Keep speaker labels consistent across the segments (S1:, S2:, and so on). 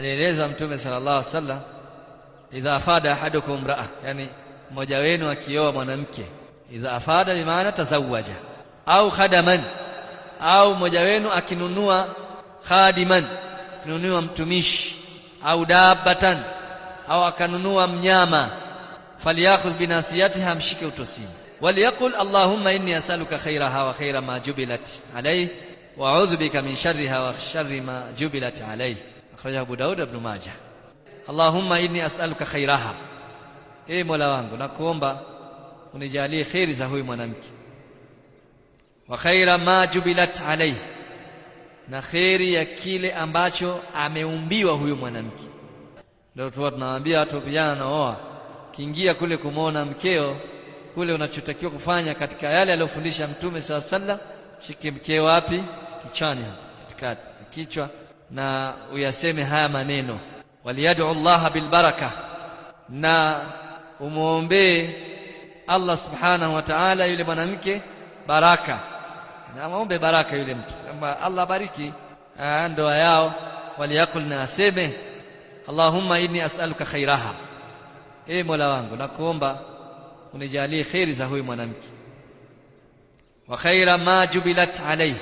S1: Alieleza Mtume sallallahu alaihi wasallam, idha afada ahadukum ra'a yani mmoja wenu akioa mwanamke, idha afada bi maana tazawaja, au khadaman, au mmoja wenu akinunua khadiman, akinunua mtumishi, au dabatan au akanunua mnyama, falyakhudh binasiyatiha, amshike utosini, waliyaqul allahumma inni asaluka khairaha wa khaira ma jubilat alayhi wa a'udhu bika min sharriha wa sharri ma jubilat alayhi akhrajahu Abu Daud Ibn Majah. Allahumma inni as'aluka khairaha, e Mola wangu nakuomba unijalie kheri za huyu mwanamke, wa khaira ma jubilat alayhi, na kheri ya kile ambacho ameumbiwa huyu mwanamke. Ndio tu tunawaambia watu vijana naoa, kiingia kule kumwona mkeo kule, unachotakiwa kufanya katika yale aliyofundisha Mtume sallallahu alaihi wasallam, shike mkeo wapi? Kichwani hapa katikati, kichwa na uyaseme haya maneno, waliyad'u Allah bilbaraka, na umwombee Allah subhanahu wa ta'ala yule mwanamke baraka, na muombe baraka yule mtu kwamba Allah bariki ah, ndoa yao. Waliyakul, na aseme Allahumma inni as'aluka khairaha, e Mola wangu nakuomba unijalie kheri za huyu mwanamke, wa khaira ma jubilat alayhi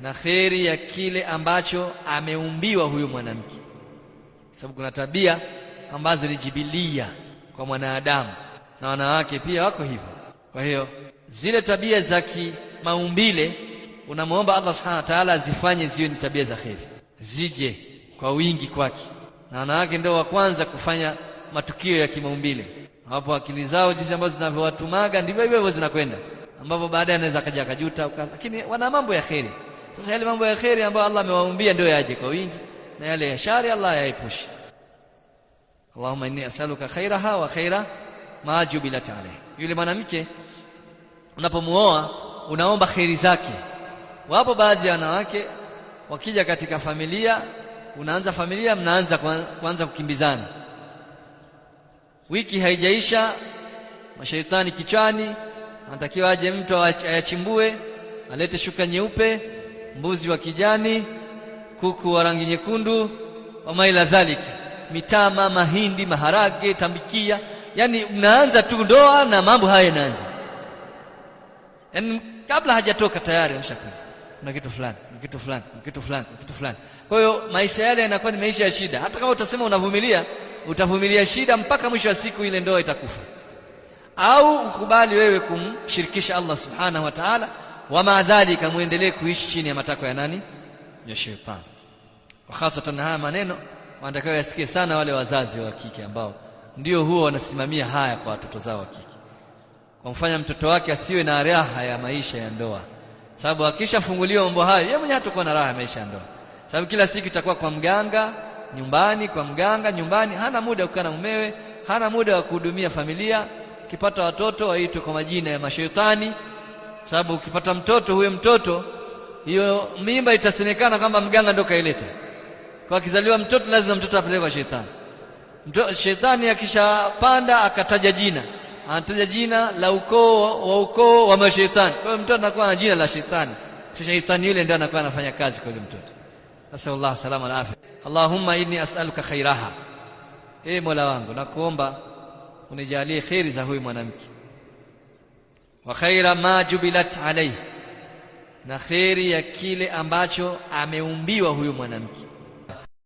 S1: na kheri ya kile ambacho ameumbiwa huyu mwanamke, sababu kuna tabia ambazo ni jibilia kwa mwanadamu na wanawake pia wako hivyo. Kwa hiyo zile tabia za kimaumbile unamwomba Allah subhanahu wa taala azifanye ziwe ni tabia za kheri, zije kwa wingi kwake, na wanawake ndio wa kwanza kufanya matukio ya kimaumbile, ambapo akili zao jinsi ambazo zinavyowatumaga ndivyo hivyo hivyo zinakwenda, ambapo baadaye anaweza akaja akajuta, lakini wana mambo ya kheri. Sasa yale mambo ya kheri ambayo Allah amewaumbia ndio yaje kwa wingi, na yale ya shari Allah yaepushe. Allahumma inni asaluka khairaha wa khaira maajubilati alayhi. Yule mwanamke unapomuoa unaomba kheri zake. Wapo baadhi ya wanawake wakija katika familia, unaanza familia, mnaanza kuanza kukimbizana, wiki haijaisha, mashaitani kichwani. Anatakiwa aje mtu ayachimbue, alete shuka nyeupe mbuzi wa kijani, kuku wa rangi nyekundu, wamaila dhalika, mitama, mahindi, maharage, tambikia. Yani mnaanza tu ndoa na mambo haya yanaanza, yani kabla hajatoka tayari ameshakuja na kitu fulani na kitu fulani na kitu fulani na kitu fulani. Kwa hiyo maisha yale yanakuwa ni maisha ya shida. Hata kama utasema unavumilia, utavumilia shida mpaka mwisho wa siku, ile ndoa itakufa. Au ukubali wewe kumshirikisha Allah subhanahu wa ta'ala wa madhalika muendelee kuishi chini ya matakwa ya nani? Ya shetani. Wakhasatan, haya maneno wanatakayo yasikie sana wale wazazi wa kike ambao ndio huwa wanasimamia haya kwa watoto zao wa kike, kwa mfanya mtoto wake asiwe na raha ya maisha ya ndoa, sababu akishafunguliwa mambo haya yeye mwenyewe hatakuwa na raha ya maisha ya ndoa, sababu kila siku itakuwa kwa mganga nyumbani, kwa mganga nyumbani, hana muda wa kukaa na mumewe, hana muda wa kuhudumia familia. kipata watoto waitwe kwa majina ya mashaitani sababu ukipata mtoto huyo mtoto, hiyo mimba itasemekana kwamba mganga ndio kaileta. Kwa kizaliwa mtoto, lazima mtoto apelekwe kwa shetani. Shetani akishapanda akataja jina, anataja jina la ukoo wa ukoo wa mashetani. Kwa hiyo mtoto anakuwa na jina la shetani, shetani yule ndio anakuwa anafanya kazi kwa yule mtoto. Allah salama na afya. Allahumma inni as'aluka khairaha, e Mola wangu, nakuomba unijalie kheri za huyu mwanamke wa khaira ma jubilat alayhi, na kheri ya kile ambacho ameumbiwa huyu mwanamke.